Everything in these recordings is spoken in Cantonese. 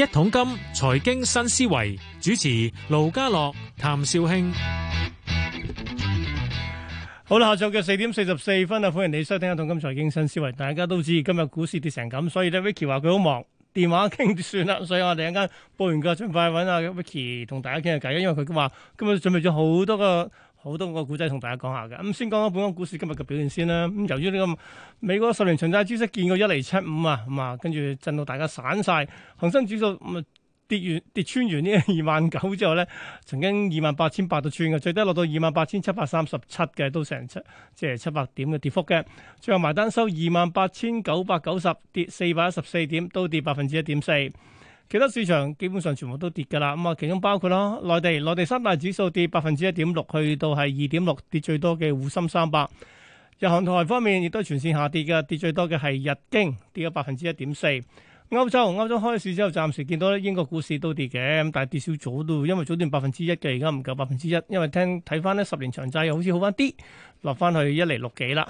一桶金財經新思維，主持盧家樂譚紹興。好啦，下晝嘅四點四十四分啊，歡迎你收聽一桶金財經新思維。大家都知今日股市跌成咁，所以咧，Vicky 話佢好忙，電話傾算啦，所以我哋陣間播完個盡快揾阿 Vicky 同大家傾下偈，因為佢話今日準備咗好多個。好多個古仔同大家講下嘅，咁先講講本港股市今日嘅表現先啦。咁由於呢個美國十年長債孳息見過一釐七五啊，咁啊跟住震到大家散晒。恒生指數咁啊跌完跌穿完呢二萬九之後咧，曾經二萬八千八度穿嘅，最低落到二萬八千七百三十七嘅，都成七即係七百點嘅跌幅嘅。最後埋單收二萬八千九百九十，跌四百一十四點，都跌百分之一點四。其他市場基本上全部都跌㗎啦，咁啊，其中包括啦，內地內地三大指數跌百分之一點六，去到係二點六，跌最多嘅滬深三百。日韓台方面亦都全線下跌嘅，跌最多嘅係日經跌咗百分之一點四。歐洲歐洲開市之後，暫時見到咧英國股市都跌嘅，但係跌少咗都，因為早段百分之一嘅，而家唔夠百分之一，因為聽睇翻呢十年長債又好似好翻啲，落翻去一釐六幾啦。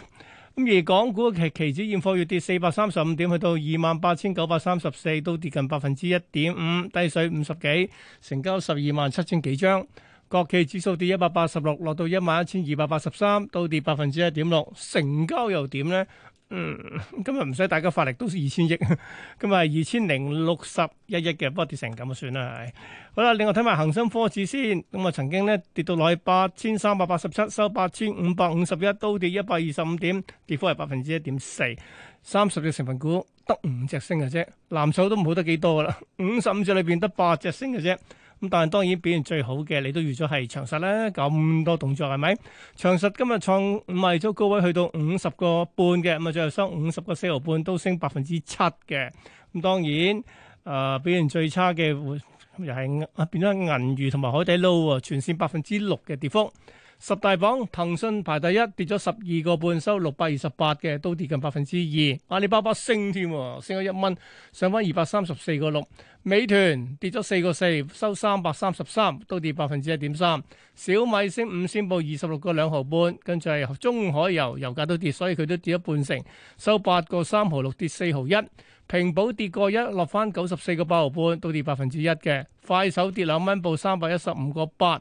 而港股期期指現貨月跌四百三十五點，去到二萬八千九百三十四，都跌近百分之一點五，低水五十幾，成交十二萬七千幾張。國企指數跌一百八十六，落到一萬一千二百八十三，都跌百分之一點六，成交又點呢？嗯，今日唔使大家發力，都係二千億，今日二千零六十一億嘅，不過跌成咁就算啦，係好啦，另外睇埋恒生科指先，咁啊曾經咧跌到落去八千三百八十七，收八千五百五十一，都跌一百二十五點，跌幅係百分之一點四，三十隻成分股得五隻升嘅啫，藍籌都唔好得幾多啦，五十五隻裏邊得八隻升嘅啫。咁但係當然表現最好嘅，你都預咗係長實啦。咁多動作係咪？長實今日創五日咗高位，去到五十個半嘅，咁啊最後收五十個四毫半，都升百分之七嘅。咁當然，誒、呃、表現最差嘅又係啊，變咗銀娛同埋海底撈喎，全線百分之六嘅跌幅。十大榜，騰訊排第一，跌咗十二個半，收六百二十八嘅，都跌近百分之二。阿里巴巴升添，升咗一蚊，上翻二百三十四個六。美團跌咗四個四，收三百三十三，都跌百分之一點三。小米升五仙，報二十六個兩毫半。跟住係中海油，油價都跌，所以佢都跌咗半成，收八個三毫六，跌四毫一。平保跌個一，落翻九十四個八毫半，都跌百分之一嘅。快手跌兩蚊，報三百一十五個八。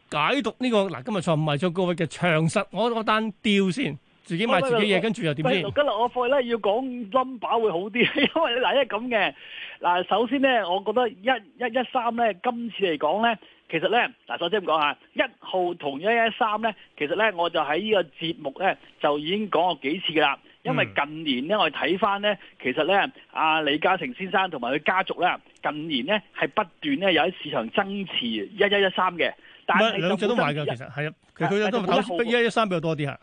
解讀呢個嗱，今日坐唔係坐各位嘅長實，我我單調先，自己賣自己嘢，跟住又點先？今日我課題咧要講 number 會好啲，因為嗱，依咁嘅嗱，首先咧，我覺得一一一三咧，今次嚟講咧，其實咧嗱，首先咁講下，一號同一一三咧，其實咧，我就喺呢個節目咧就已經講過幾次噶啦，因為近年咧，我睇翻咧，其實咧，阿李嘉誠先生同埋佢家族咧，近年咧係不斷咧有喺市場增持一一一三嘅。唔係兩隻都買㗎，其實係啊，是其實佢都投一一三比較多啲嚇。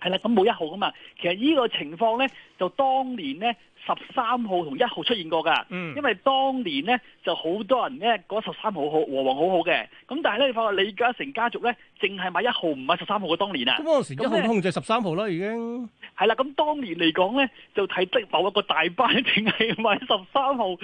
係啦，咁冇一號㗎嘛。其實呢個情況咧，就當年咧。十三號同一號出現過㗎，嗯、因為當年咧就好多人咧，嗰十三號好和黃好好嘅，咁但係咧你發覺李嘉誠家族咧淨係買一號，唔買十三號嘅當年啊。咁當、嗯、時一號通就十三號啦，已經。係啦，咁當年嚟講咧，就睇得某一個大班淨係買十三號，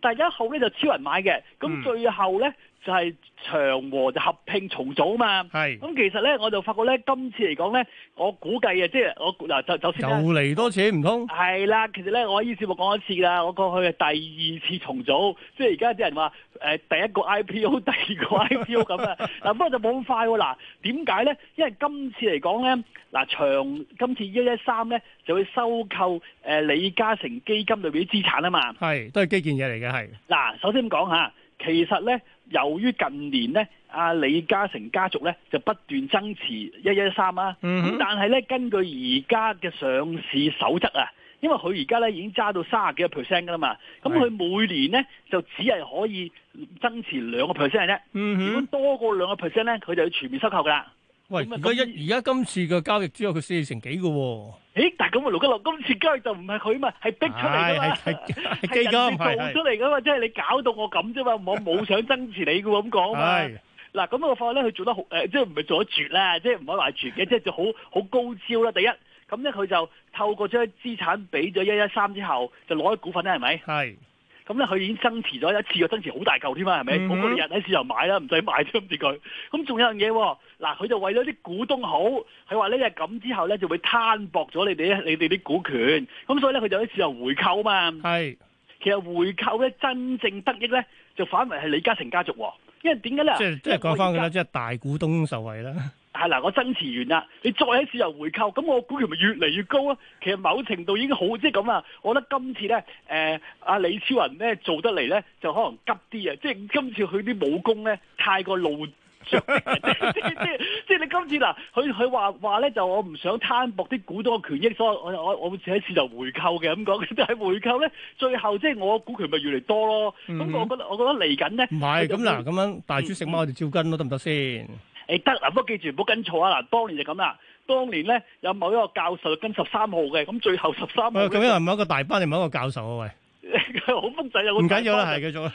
但係一號咧就超人買嘅。咁最後咧就係、是、長和就合併重組嘛。係、嗯。咁其實咧我就發覺咧今次嚟講咧，我估計啊，即係我嗱就首先就又嚟多次唔通？係啦，其實咧我。呢個節目講一次啦，我過去係第二次重組，即係而家啲人話誒、呃、第一個 IPO，第二個 IPO 咁啊，嗱不過就冇咁快喎，嗱點解咧？因為今次嚟講咧，嗱長今次一一三咧就會收購誒李嘉誠基金裏邊啲資產啊嘛，係都係基建嘢嚟嘅，係嗱首先咁講下，其實咧由於近年咧阿李嘉誠家族咧就不斷增持一一三啊，咁但係咧根據而家嘅上市守則啊。因為佢而家咧已經揸到卅幾個 percent 噶啦嘛，咁佢每年咧就只係可以增持兩個 percent 啫。如果多過兩個 percent 咧，佢就要全面收購噶啦。喂，而家而家今次嘅交易只有佢四成幾嘅喎。誒，但係咁啊，盧吉樂，今次交易就唔係佢啊嘛，係逼出嚟㗎嘛，係人工做出嚟㗎嘛，即係你搞到我咁啫嘛，我冇想增持你嘅喎，咁講啊嗱，咁啊個課咧佢做得好，誒，即係唔係做得絕咧？即係唔可以話絕嘅，即係就好好高超啦。第一。咁咧佢就透過將資產俾咗一一一三之後，就攞咗股份咧，係咪？係是。咁咧佢已經增持咗一次嘅增持好大嚿添啊，係咪？嗯、mm。好過日喺市度買啦，唔使買添住佢。咁仲有樣嘢，嗱，佢就為咗啲股東好，佢話呢日咁之後咧就會攤薄咗你哋你哋啲股權。咁所以咧佢就喺市度回購啊嘛。係是。其實回購咧真正得益咧就反為係李嘉誠家族，因為點解咧？即係即係講翻佢啦，即係大股東受惠啦。係嗱、啊，我增持完啦，你再喺市場回購，咁我股權咪越嚟越高咯。其實某程度已經好，即係咁啊。我覺得今次咧，誒、呃、阿李超人咧做得嚟咧，就可能急啲啊。即係今次佢啲武功咧太過老將， 即係即係你今次嗱，佢佢話話咧就我唔想攤薄啲股東權益，所以我又我我會喺市場回購嘅咁講，即係回購咧，最後即係我股權咪越嚟多咯。不、嗯、哼我覺得我覺得嚟緊咧，唔係咁嗱咁樣，樣大豬食貓我哋照跟咯，得唔得先？誒得啊！不過記住唔好跟錯啊！嗱，當年就咁啦。當年咧有某一個教授跟十三號嘅，咁最後十三號誒，究竟係某一個大班定某一個教授啊？喂，好複雜啊！唔緊要啦，係繼續啦。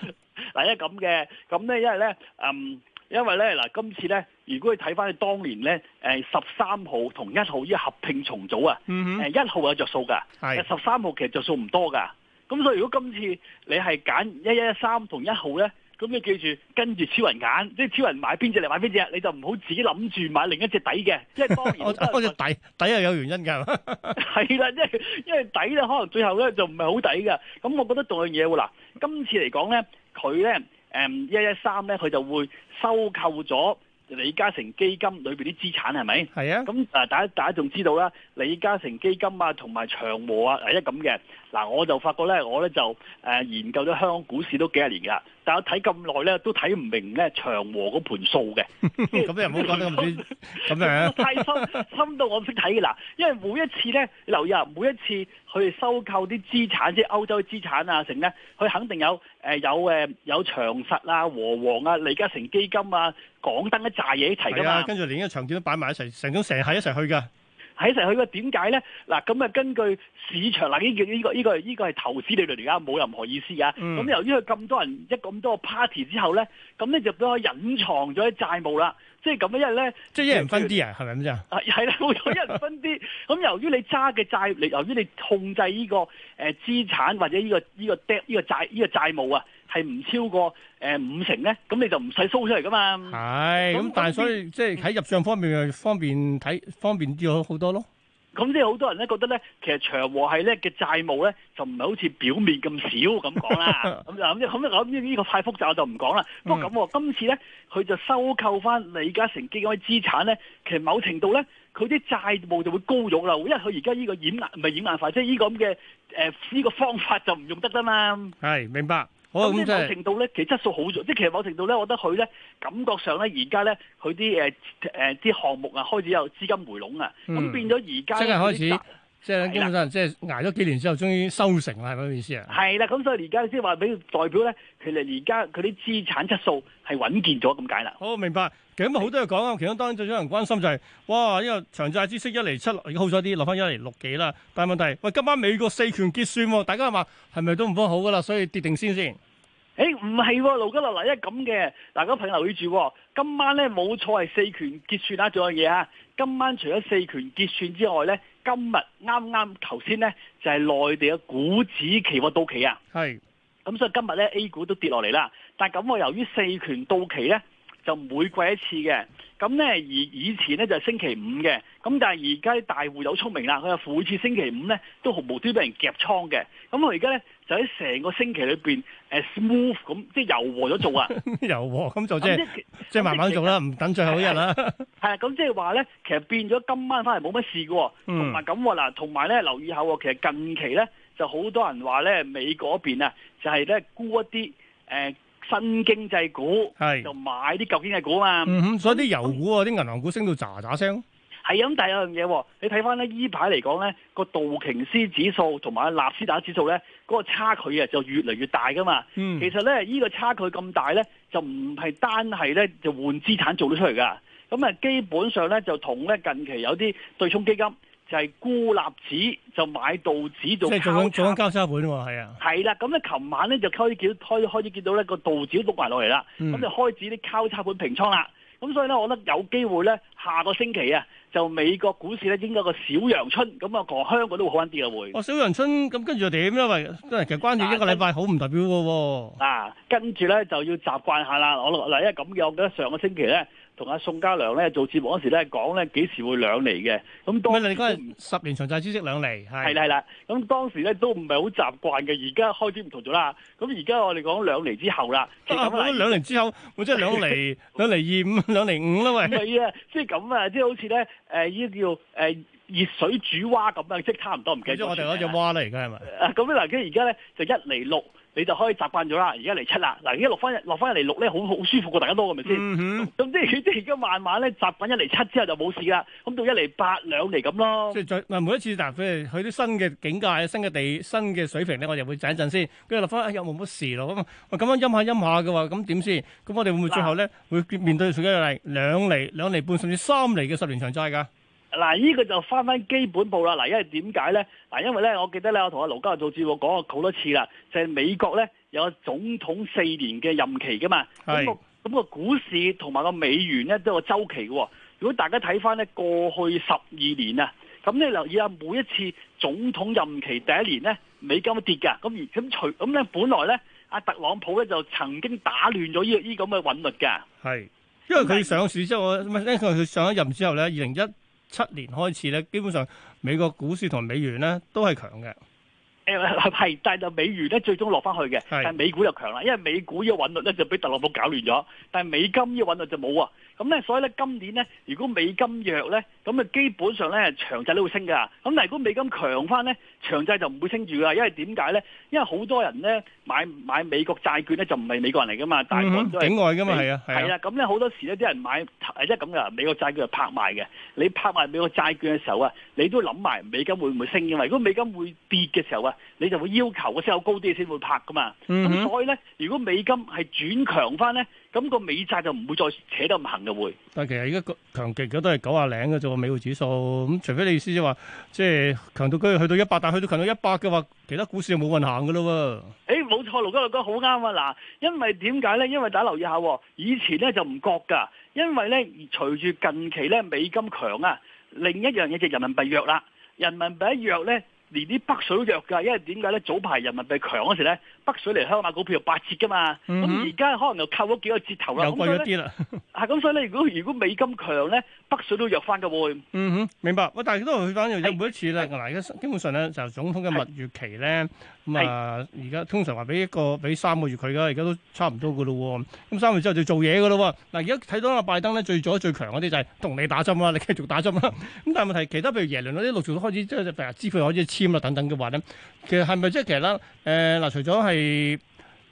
嗱，因為咁嘅，咁咧，因為咧，嗯，因為咧，嗱，今次咧，如果你睇翻你當年咧，誒十三號同一號依合併重組啊，誒一號有著數㗎，係十三號其實著數唔多㗎。咁所以如果今次你係揀一一一三同一號咧？咁你記住，跟住超人揀，即係超人買邊隻嚟買邊隻，你就唔好自己諗住買另一隻底嘅，因為當然嗰隻底底係有原因㗎，係 啦，即係因為底咧可能最後咧就唔係好抵㗎。咁我覺得同樣嘢喎。嗱，今次嚟講咧，佢咧誒一一三咧，佢就會收購咗。李嘉誠基金裏邊啲資產係咪？係啊，咁啊、嗯，大家大家仲知道啦，李嘉誠基金啊，同埋長和啊，係咁嘅。嗱，我就發覺咧，我咧就誒研究咗香港股市都幾廿年噶，但係我睇咁耐咧，都睇唔明咧長和嗰盤數嘅。咁你唔好講咁深，咁樣。太深深到我唔識睇嘅喇。嗱，因為每一次咧，留意啊，每一次去收購啲資產，即係歐洲資產啊，成咧，佢肯定有。誒、呃，有誒，有長實啊、和黃啊、李嘉誠基金啊，港燈一紮嘢一齊噶嘛，啊、跟住連個場都擺埋一齊，成種成係一齊去噶。睇一佢個點解咧？嗱咁啊，根據市場嗱，依、呢個依、呢個依、呢個依個係投資理論嚟噶，冇任何意思啊。咁、嗯、由於佢咁多人一咁多 party 之後咧，咁咧就都隱藏咗啲債務啦。即係咁樣，因為咧，即係一人分啲啊是，係咪咁啫？係啦，冇咗一人分啲。咁由於你揸嘅債，你由於你控制呢個誒資產或者依、呢個依、呢個 debt 依、呢個呢個債依、呢個債務啊。係唔超過誒、呃、五成咧，咁你就唔使收出嚟噶嘛。係，咁但係所以即係喺入帳方面，方便睇方便啲好好多咯。咁即係好多人咧覺得咧，其實長和系咧嘅債務咧就唔係好似表面咁少咁講啦。咁嗱，咁咁咁呢個太複雜我就唔講啦。不過咁，今次咧佢就收購翻李嘉誠基金嘅資產咧，其實某程度咧佢啲債務就會高咗啦。因為佢而家呢個掩難唔係掩難法，即係呢個咁嘅誒呢個方法就唔用得噶嘛。係，明白。咁即係某程度咧，其實質素好咗，即係其實某程度咧，我覺得佢咧感覺上咧，而家咧佢啲誒誒啲項目啊，開始有資金回籠啊，咁變咗而家即係開始。 即係基本上，的即係挨咗幾年之後，終於收成啦，係咪咁意思啊？係啦，咁所以而家即係話俾代表咧，其實而家佢啲資產質素係穩健咗咁解啦。好，明白。其實咁好多嘢講啊，是的 其中當然最多人關心就係、是、哇，呢個長債孳息一厘七，而家好彩啲，落翻一厘六幾啦。但係問題，喂，今晚美國四權結算，大家話係咪都唔方好噶啦？所以跌定先先。誒、欸，唔係，勞吉啦，嗱，一咁嘅，大家請留意住，今晚咧冇錯係四權結算啊，仲有嘢啊，今晚除咗四權結算之外咧。今日啱啱頭先呢，就係內地嘅股指期貨到期啊，係是，咁、嗯、所以今日呢 A 股都跌落嚟啦，但係咁我由於四權到期呢。就每季一次嘅，咁咧而以前咧就係星期五嘅，咁但係而家大戶有聰明啦，佢每次星期五咧都毫無端端畀人夾倉嘅，咁佢而家咧就喺成個星期裏邊，誒 smooth 咁即係柔和咗做啊， 柔和咁就即係即係慢慢做啦，唔等最後一日啦。係 啊，咁即係話咧，其實變咗今晚翻嚟冇乜事嘅，同埋咁喎嗱，同埋咧留意下喎，其實近期咧就好多人話咧美國嗰邊啊，就係咧沽一啲誒。新經濟股係是就買啲舊經濟股啊嘛、嗯，所以啲油股啊、啲銀行股升到喳喳聲。係啊，咁第二樣嘢，你睇翻咧，依排嚟講咧，個道瓊斯指數同埋納斯達指數咧，嗰、嗯、個差距啊就越嚟越大噶嘛。其實咧，依個差距咁大咧，就唔係單係咧就換資產做得出嚟噶。咁啊，基本上咧就同咧近期有啲對沖基金。就係沽納指就買道指做交叉，即做緊交叉盤喎，係啊，係啦、啊，咁咧，琴晚咧就開始見到開始見到咧個道指碌埋落嚟啦，咁、嗯、就開始啲交叉盤平倉啦，咁所以咧，我覺得有機會咧，下個星期啊，就美國股市咧應該個小陽春，咁啊，個香港都會好返啲嘅會。哦，小陽春咁跟住又點咧？因為都係其實關注一個禮拜好唔代表嘅喎、啊。啊，跟住咧就要習慣下啦。我嗱，因為咁嘅，我覺得上個星期咧。同阿宋家良咧做節目嗰時咧講咧幾時會兩厘嘅，咁當時你十年長債孳息兩厘，係啦係啦。咁當時咧都唔係好習慣嘅，而家開始唔同咗啦。咁而家我哋講兩厘之後啦，啊，兩年之後， 我即係兩厘、 兩厘二五兩厘五啦，喂，唔係啊，即係咁啊，即係好似咧誒依叫誒、呃、熱水煮蛙咁樣，即係差唔多，唔記得咗我哋嗰隻蛙咧，而家係咪？啊，咁嗱，跟而家咧就一厘六。你就可以習慣咗啦。而家嚟七啦，嗱，而家落翻落翻一嚟六咧，好好舒服過、啊、大家都。係咪先？咁即係即係而家慢慢咧，習慣一嚟七之後就冇事啦。咁到一嚟八兩嚟咁咯。即係再每一次，嗱，譬如去啲新嘅境界、新嘅地、新嘅水平咧，我就會靜一陣先。跟住落翻，有冇乜事咯？咁啊，咁樣陰下陰下嘅話，咁點先？咁我哋會唔會最後咧會面對住一嚟兩厘、兩厘半甚至三厘嘅十年長債噶？嗱，呢個就翻翻基本步啦。嗱，因為點解咧？嗱，因為咧，我記得咧，我同阿盧嘉樂做節目講過好多次啦，就係、是、美國咧有總統四年嘅任期噶嘛。係是。咁、那個股市同埋個美元咧都有周期嘅、哦。如果大家睇翻咧過去十二年啊，咁你留意下每一次總統任期第一年咧，美金會跌嘅。咁而咁除咁咧，本來咧阿特朗普咧就曾經打亂咗呢依咁嘅韻律㗎。係，因為佢上市之後，唔是因為佢上一任之後咧，二零一七年開始咧，基本上美國股市同美元咧都係強嘅。誒係，但係美元咧最終落翻去嘅，但係美股又強啦，因為美股呢個韻律咧就俾特朗普搞亂咗，但係美金呢個韻律就冇啊。咁咧，所以咧，今年咧，如果美金弱咧，咁啊，基本上咧，長債都會升噶。咁但係如果美金強翻咧，長債就唔會升住噶。因為點解咧？因為好多人咧買買美國債券咧就唔係美國人嚟噶嘛，大部分都係、嗯、境外噶嘛，係是啊，係啊。咁咧好多時咧啲人買，即係咁噶，美國債券係拍賣嘅。你拍賣美國債券嘅時候啊，你都諗埋美金會唔會升嘅嘛？如果美金會跌嘅時候啊，你就會要求個息口高啲先會拍噶嘛。咁、嗯、哼所以咧，如果美金係轉強翻咧。咁個美債就唔會再扯得咁行嘅會，但係其實而家強極嘅都係九啊零嘅啫喎，美匯指數，咁、嗯、除非你意思即係話，即係強到居然去到一百，但係去到強到一百嘅話，其他股市就冇運行嘅咯喎。誒、欸，冇錯，盧哥，盧哥好啱啊！嗱，因為點解咧？因為大家留意下，以前咧就唔覺㗎，因為咧隨住近期咧美金強啊，另一樣嘢就人民幣弱啦。人民幣一弱咧，.連啲北水都弱㗎，因為點解咧？早排人民幣強嗰時咧，北水嚟香港買股票八折㗎嘛。咁而家可能又扣咗幾個折頭啦。又貴咗啲啦。係咁， 所以咧，如果如果美金強咧，北水都弱翻㗎喎。嗯哼，明白。喂，但係都係佢反而咧，每一次咧，嗱，而家基本上咧就總統嘅蜜月期咧。 咁啊，而家、嗯、通常話俾一個俾三個月佢噶，而家都差唔多噶咯喎。咁三個月之後就做嘢噶咯喎。嗱，而家睇到阿拜登咧最左最強嗰啲就係同你打針啦，你繼續打針啦。咁但係問題，其他譬如耶倫嗰啲陸續都開始即係誒支票開始簽啦等等嘅話咧，其實係咪即係其實咧？誒、呃、嗱，除咗係。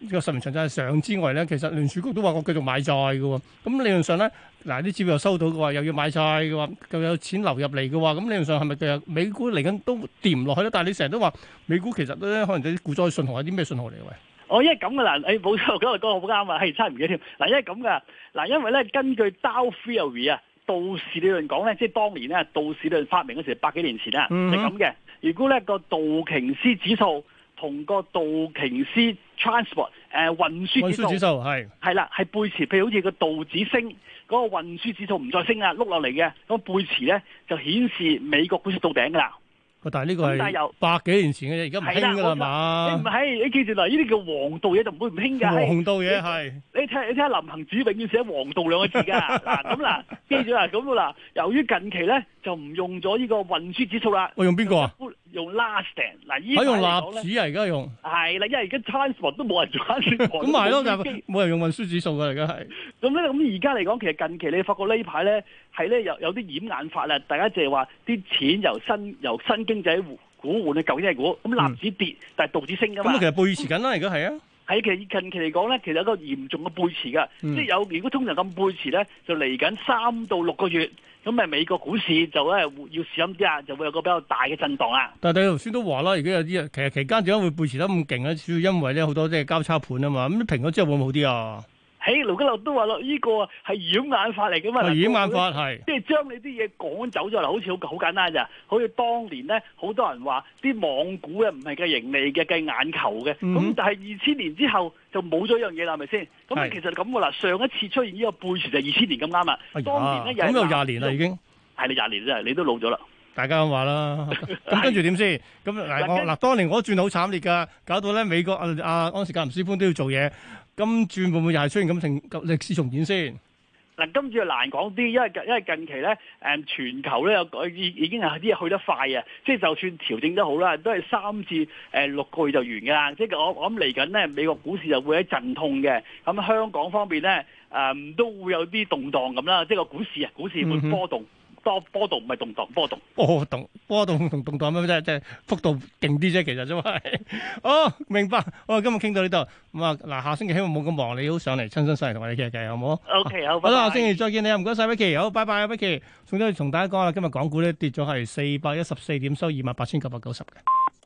呢個實名長就係上之外咧，其實聯儲局都話我繼續買債嘅喎。咁、嗯、理論上咧，嗱啲資料又收到嘅話，又要買債嘅話，又有錢流入嚟嘅話，咁、嗯、理論上係咪就實美股嚟緊都掂唔落去咧？但係你成日都話美股其實咧，可能啲股災信號係啲咩信號嚟嘅喂？哦，因為咁嘅嗱，你冇錯嗰個講好啱啊，係、哎哎、差唔多添。嗱，因為咁嘅嗱，因為咧根據 theory, Dow Theory 啊，道氏理論講咧，即係當年咧，道氏理論發明嗰時候百幾年前咧，係咁嘅。如果咧個道瓊斯指數同個道瓊斯 transport，誒，運輸指數，指數係係啦，係背馳，譬如好似個道指升，嗰個運輸指數唔再升啊，碌落嚟嘅，咁背馳咧就顯示美國股市到頂㗎啦。個但係呢個係百幾年前嘅嘢，而家唔興㗎啦嘛。你唔係你記住嗱，呢啲叫黃道嘢就唔會唔興㗎。黃道嘢係你睇下你睇下，林行止永遠寫黃道兩個字㗎。嗱咁嗱，記住啦咁嗱，由於近期咧就唔用咗呢個運輸指數啦。我用邊個啊？用 last t n 嗱，依家用咧？係用納指啊！而家用。係啦，因為而家 transport 都冇人做咁咪咯，但冇 人用運輸指數噶，而家係。咁咧，咁而家嚟講，其實近期你發覺呢排咧，係咧有有啲掩眼法啦。大家淨係話啲錢由新由新經濟股換去舊經濟股，咁納指跌，嗯、但係道指升噶嘛。咁其實背馳緊啦，而家係啊。喺其實近期嚟講咧，其實有個嚴重嘅背馳噶，嗯、即係有如果通常咁背馳咧，就嚟緊三到六個月。咁咪美國股市就咧要小心啲啊，就會有個比較大嘅震盪啊。但係你頭先都話啦，如果有啲其實期間點解會背持得咁勁咧？主要因為咧好多即係交叉盤啊嘛，咁你平咗之後會唔會好啲啊？喺劉吉樂都話咯，呢個係掩眼法嚟嘅嘛？掩眼法係，即係將你啲嘢趕走咗啦，好似好好簡單咋？好似當年咧，好多人話啲網股啊，唔係計盈利嘅，計眼球嘅。咁但係二千年之後就冇咗樣嘢啦，係咪先？咁其實咁噶啦，上一次出現呢個背時就二千年咁啱啊。當年咧有廿年啦，已經係你廿年啫，你都老咗啦。大家咁話啦，咁跟住點先？咁嗱，當年我都轉好慘烈噶，搞到咧美國啊，阿安史格林斯潘都要做嘢。今次會唔會又係出現咁成歷史重演先？嗱，今次就難講啲，因為因為近期咧，誒全球咧有已已經係啲去得快啊，即係就算調整得好啦，都係三至誒六個月就完㗎啦。即係我我諗嚟緊咧，美國股市就會喺陣痛嘅，咁香港方面咧誒、嗯、都會有啲動盪咁啦，即係個股市啊，股市會波動。多波動唔係動蕩，波動波動波動同動蕩咁樣即係即係幅度勁啲啫，其實真係。哦，明白。我今日傾到呢度咁啊，嗱，下星期希望冇咁忙，你好上嚟親身上嚟同我哋傾下偈，好唔好？OK，好。好啦、啊，拜拜下星期再見你，唔該晒，Vicky，好，拜拜,拜,拜、啊、Vicky。總之同大家講啦，今日港股呢跌咗係四百一十四點，收二萬八千九百九十嘅。